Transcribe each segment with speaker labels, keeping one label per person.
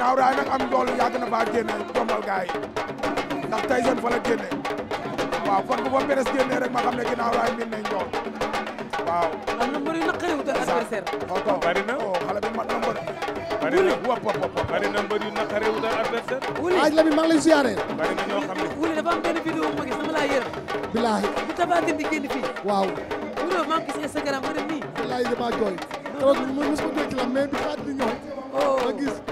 Speaker 1: ginnaaw raay nag am njool yàgg na faa génne jombal gaay ndax Tyson fa la génne waaw kon bu fa peres génne rek ma xam ne ginnaaw raay min ne njool waaw. am na mbër yu naqari wutal adversaire. xaw ko bari na oh xale bi
Speaker 2: mat na mbër. bari na wóop wóop wóop bari na mbër yu naqari wutal adversaire.
Speaker 3: wuli aaj la bi maa ngi lay waaw. wuli maa ngi gis ma def nii. bilaahi damaa jooy. keroog mos ma jooy ci la mais bi xaaj bi ñëw. Oh. ma gis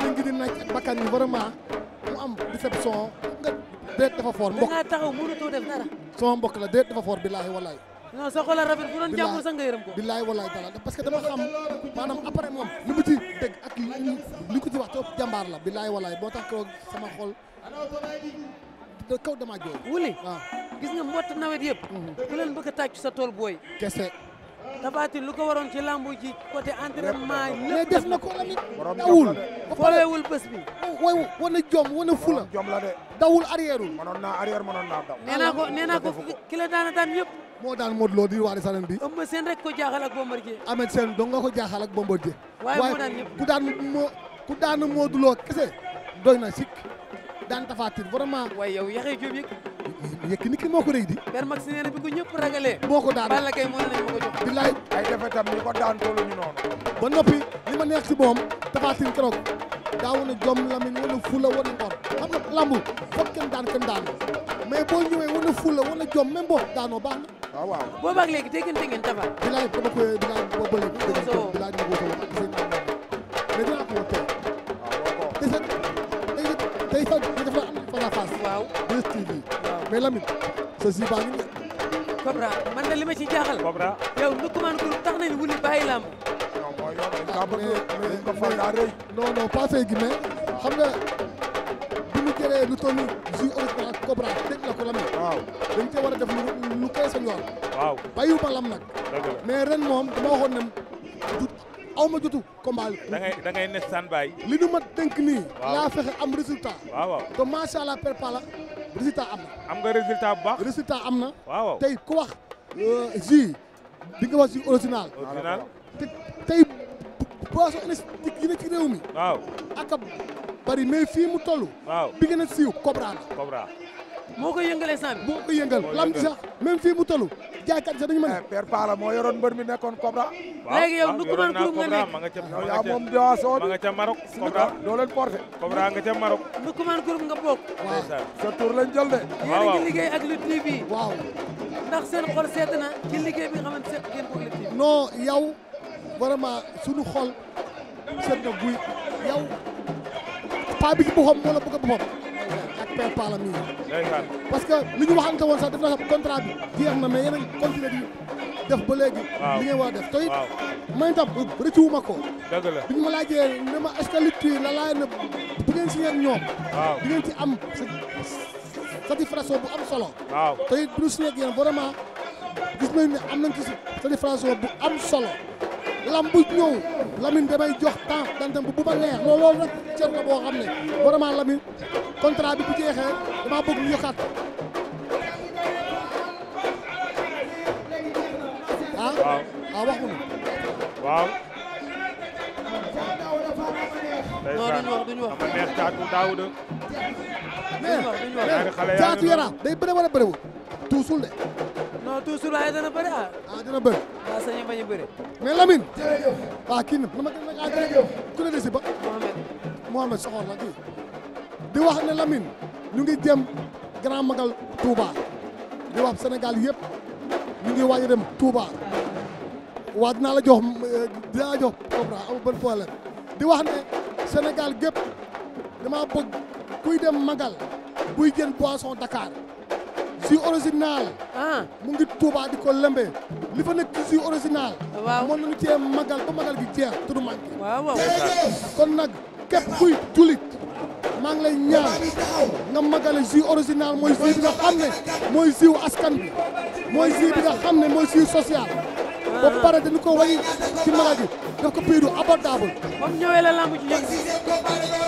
Speaker 3: lëng di naaj ak bakkan yi vraiment mu am déception nga déet dafa fort mbokk nga taxaw mënutoo def dara sama mbokk la déet dafa fort billaahi wallaahi non sa a rafet bu doon jàmbur sax nga yërëm ko billaahi wallaahi taala parce que dama xam maanaam après moom li mu ci dégg ak li ko ci wax toog jàmbaar la billaahi wallaahi boo tax keroog sama xol da kaw dama jooy wuli waaw gis nga mbott nawet yëpp mhm. ku leen
Speaker 2: bëgg a tàccu sa tool booy kese Tafatin lu ko waroon ci lambu ji côté entraînement
Speaker 3: mais na ko amit dawul foolewul bés bi way wana jom wana fula jom la de dawul arrière wa mënoon naa arrière mënoon naa daw nee naa ko nee naa ko ki la daana daan yëpp moo daan Modou Lo di waari sanen bi Eumeu Sène rek ko jaaxal ak Bombardier Eumeu Sène dong nga ko jaaxalak ak Bombardier waaye moo daan yëpp ku daan mo ku daan Modou kese doy na sikk daan Tafatin vraiment waaye yow yaxee jom yëg Yékini ki moo ko rëy di. père Max nee na bi ko ñëpp ragalee. moo ko daan Balla Gaye mën nañ ma ko jox. bilaay ay defetam ñi ko daan toolu ñu noonu. ba noppi li ma neex si moom Tapha keroog daawu na jom lamin wala fula wala ngor xam daanoo baax na. waaw waaw boobaa ak léegi déggante ngeen Tapha. bilaay dama ko bilaay boo bële. soo bilaay ñu wóoto woon ak seen naan tey sax tey sax dafa am face à face. waaw 2STV. mais Lamine sa ngi ne Cobra man na li ma ci jaaxal Cobra yow nu commande ko tax nañ wuli bàyyi lamb non non pas gi mais bi mu jëlee lu toll jus original Cobra teg la ko Lamine waaw dañ cee war a def lu koy sa ñor waaw bàyyiwu ren moom dama waxoon ne du aw ma jotu combat da
Speaker 2: da ngay ne sànbaay
Speaker 3: li nu ma tënk nii laa fexe am résultat waaw waaw te résultat am na. am nga résultat bu baax. résultat am na. waaw tey ku wax. Euh, jus di nga wax jus original. original te tey boisson énergétique yi ne ci réew mi. waaw ak bari mais fii mu toll. waaw bi a siiw Cobra la. Cobra moo koy yëngal instant bi. moo koy yëngal lam sax même fii mu toll
Speaker 1: jaaykat sax dañu mën a. Eh, père Pala moo yoroon mbër mi nekkoon Cobra. léegi yow nu kuréel gu nga nekk
Speaker 2: ma nga ca ma moom diwaasoo bi ma nga ca Maroc. Cobra doo leen porté. Cobra nga ca Maroc. nu kuréel gu nga bokk. waaw sa tour lañ jël a ngi liggéey ak
Speaker 3: Lutte TV. waaw ndax seen xol seet na liggéey bi nga xamante seet ngeen ko Lutte TV. non yow vraiment sunu xol seet na buy paa bi ci moo la bëgg boppam ak père paa mii parce que li ñu waxante woon sax def na sax contrat na mais yéen a ngi continuer di def ba léegi li ngeen war def te it man itam rëccu wu ma ko dëgg la bi ñu ma laajee ne ma est-ce que bu ngeen si ngeen ñoom di ngeen ci am satisfaction bu am solo te it bu ñu si nekk yéen vraiment gis nañu ne am nañ ci satisfaction bu am solo lam bu ñëw Lamine damay jox temps dantam bu ma neex loolu loolu rek cër la xam ne vraiment Lamine contrat bi bu jeexee damaa bëgg ñu yokkaat ah waaw ah, wax
Speaker 1: nga
Speaker 2: waaw
Speaker 3: day bëre wala tuusul de
Speaker 2: non toujours waaye dana bëri ah. ah a bañ a bëri.
Speaker 3: mais Lamine. jërëjëf kii na ma gën a. jërëjëf ku ne desi ba. Mohamed Mohamed soxor la kii. di wax ne Lamine ñu ngi jëm grand magal Touba di wax Sénégal yëpp ñu ngi waaj a dem Touba waa dinaa la jox dinaa la jox Cobra amul benn problème di wax ne Sénégal gépp dama bëgg kuy dem magal buy jën poisson Dakar. jus original. Ah. mu ngi Touba di ko lëmbee li fa nekk jus original. waaw mën nañu cee magal ba magal gi jeex te du manqué. waaw waaw kon nag képp kuy jullit maa ngi lay ñaan nga magale jus original mooy jus bi nga xam ne mooy jus askan bi mooy jus bi nga xam ne mooy jus social. ba ah. pare dañu ko way ci magal gi ko prix du abordable. comme la lamb ci yëngu.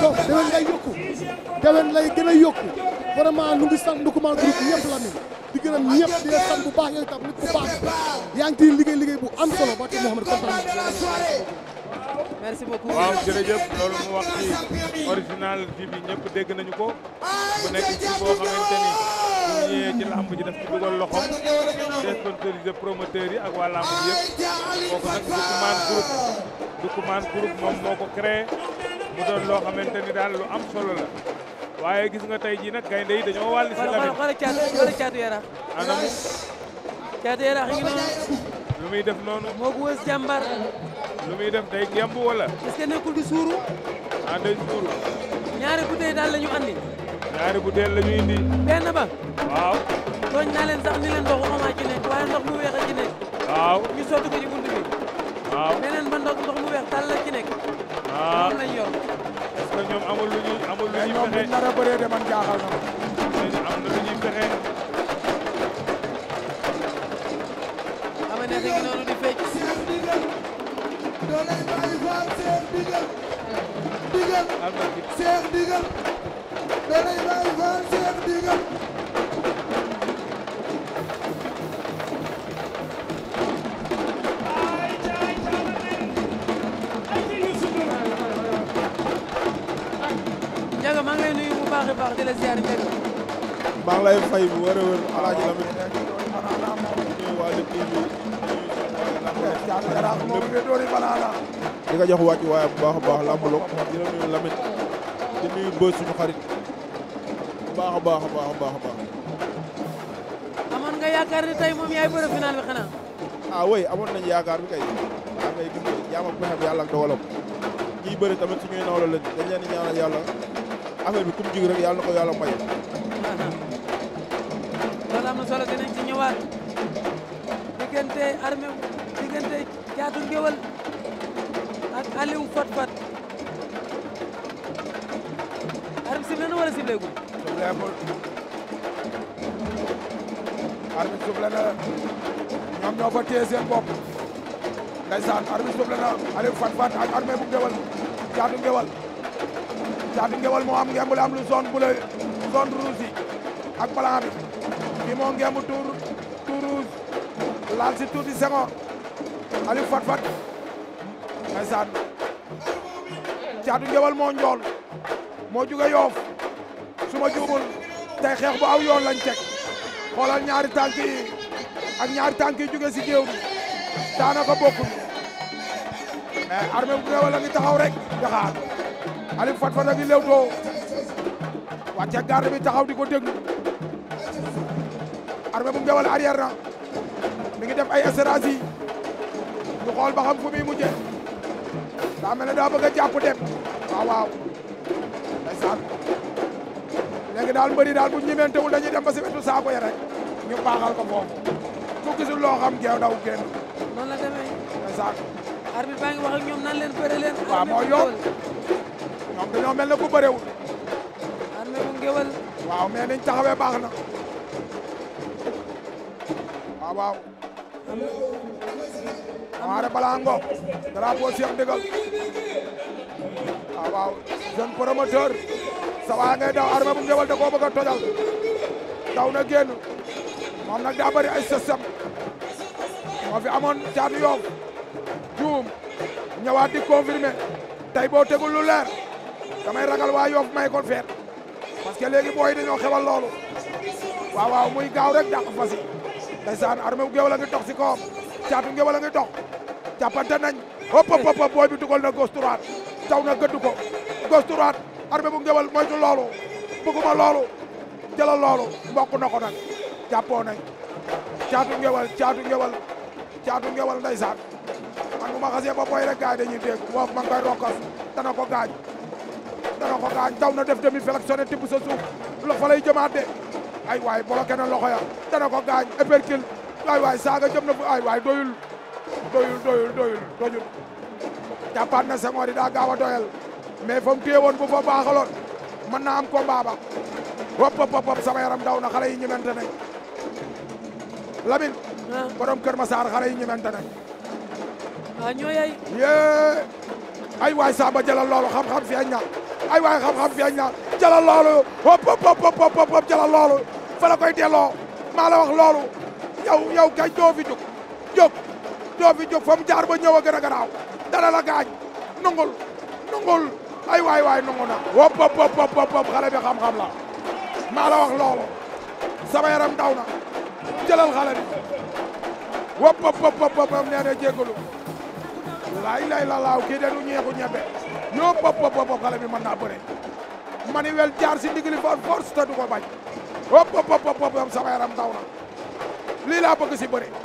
Speaker 3: donc danañ dewen lay gën a yokku vraiment nu ngi sant Ndoukoumane groupe ñëpp la nii di gërëm ñëpp di leen sant bu baax yow itam nit ku baax yaa ngi ciy liggéey liggéey bu am solo ba tey Mouhamed kontaan merci beaucoup
Speaker 2: waaw jërëjëf loolu mu wax ci original bi bi dégg nañu ko bu nekk ci boo xamante ni bu ñëwee ci làmb ji daf ci dugal loxom sponsorisé promoteurs yi ak waa làmb ji yëpp kooku nag Ndoukoumane groupe Ndoukoumane groupe moom moo ko créé mu doon loo daal lu am solo la waaye gis nga tey jii nag gaynde yi dañoo wàll si Lamine xoolal caatu caatu yaraax anam caatu yaraax ngi noonu lu muy def noonu moo ko wës jàmbar muy def day gemb wala est-ce que nekkul di suuru ah suuru ñaari bouteille daal la ñu andi ñaari bouteille la ñu indi benn ba waaw tooñ naa sax ni leen ndoxu xamaa waaye ndox mu weex ci nekk waaw ñu sotti ko ci bunt bi waaw beneen ba ndox ndox mu weex tàll la ci nekk ah. lañ yor que ñoom amul lu ñuy amul lu ñuy fexe nar a bëree de man di la ziar tey.
Speaker 1: maa ngi lay fay bu wërëb alaaji Lamine. di ko waaye bu baax a baax lamb lok di la nuyu Lamine di nuyu bës suñu xarit bu baax a baax a baax
Speaker 2: amoon nga yaakaar ne tey moom yaay bëre final bi xanaa.
Speaker 1: ah oui amoon nañu yaakaar bi kay daa ngay gis ne jaam ak pexeem yàlla ak dogalam ñiy bëri tamit suñuy nawla lañ dañ leen di ñaanal affaire bi kum jig rek yàlla na ko yàlla may.
Speaker 2: na solo dinañ ci ñëwaat diggante armée diggante caatu ngéwal ak Aliou Fat Fat armée sible
Speaker 1: na fa téye seen bopp ndeysaan armée sible na Aliou Fat Fat ak armée Caatu Ngéwél moo am ngemb la am lu zone bleu zone rouge yi ak blanc bi kii moo ngemb tour tour rouge laal si tuuti Senghor Aliou Fat Caatu Ngéwél moo njool moo jóge Yoof su ma juumul tey xeex aw yoon lañ teg ñaari tànk yi ak ñaari tànk yi jóge si géew bi daanaka bokkul mais rek jaxaar Aliou Fat Fat a ngi lewtoo wàcce garde bi taxaw di ko déglu Armé bu Ngewal na mi ngi def ay assurance yi ñu xool ba xam fu muy mujje daa mel ne daa bëgg a jàpp dem waaw waaw ndeysaan bu ñu ñemeentewul dañuy dem ba si wetu saako ya ñu baaxal ko foofu ku gisul geew daw génn noonu la demee ndeysaan
Speaker 2: arbitre baa ngi wax ak ñoom nan leen bëre leen waaw ñoom dañoo mel ne ku bëriwul. armé bu ngéwal.
Speaker 1: waaw mais niñ taxawee baax na. waaw waaw. amaare balaa ngoog. drapeau Cheikh Ndigal. waaw waaw jeune promoteur. sa daw armé bu ngéwal da koo bëgg daw na génn. moom nag daa bëri ay système. moo fi amoon caatu yoof juum ñëwaat di confirmer tey boo tegul lu damay ragal waa Yoff may ko feet parce que léegi booy dañoo xewal loolu waaw waaw muy gaaw rek dàq fas yi ndeysaan armé ngéwal a ngi dox si kawam caatu ngéwal a ngi dox jàppante nañ hop hop hop na ko na ko nag jàppoo nañ caatu ngéwal caatu man bu ma xasee booy rek gaay dañuy dégg woof ma ngi koy rokkas ko gaañ dara ko gaañ daw na def demi flexion tibb sa suuf loxo lay jëmaat de ay waay bloqué na loxo ya dana ko gaañ épercule ay waay saaga jëm na fu ay waay doyul doyul doyul doyul doyul jàppaat na Senghor yi daa gaaw a doyal mais fa mu téye bu fa baaxaloon mën naa am combat ba hop hop hop sama yaram daw na xale yi ñemente nañ Lamine ah. borom Kër Massar xale yi ñemente nañ
Speaker 2: waaw
Speaker 1: ah, ay waay Samba jëlal loolu xam-xam fi ay ñaar ay waay xam-xam fi ay ñaar jëlal loolu hop hop hop hop hop jëlal loolu fa la koy delloo maa la wax loolu yow yow kay doo fi jóg jóg doo fi mu jaar ba ñëw a gën a garaaw dara la gaañ nungul nungul ay waay waay nungu na hop hop hop xale bi xam-xam la maa la wax loolu sama yaram daw na jëlal xale bi hop hop hop hop nee na jégalu laay lay la laaw kii de du ñeexu ñebe yoo bopp bopp bopp xale bi mën naa bëre manuel jaar si ndigli for force te du
Speaker 2: ko bañ bopp bopp bopp bopp sama yaram daw na lii laa bëgg si bëre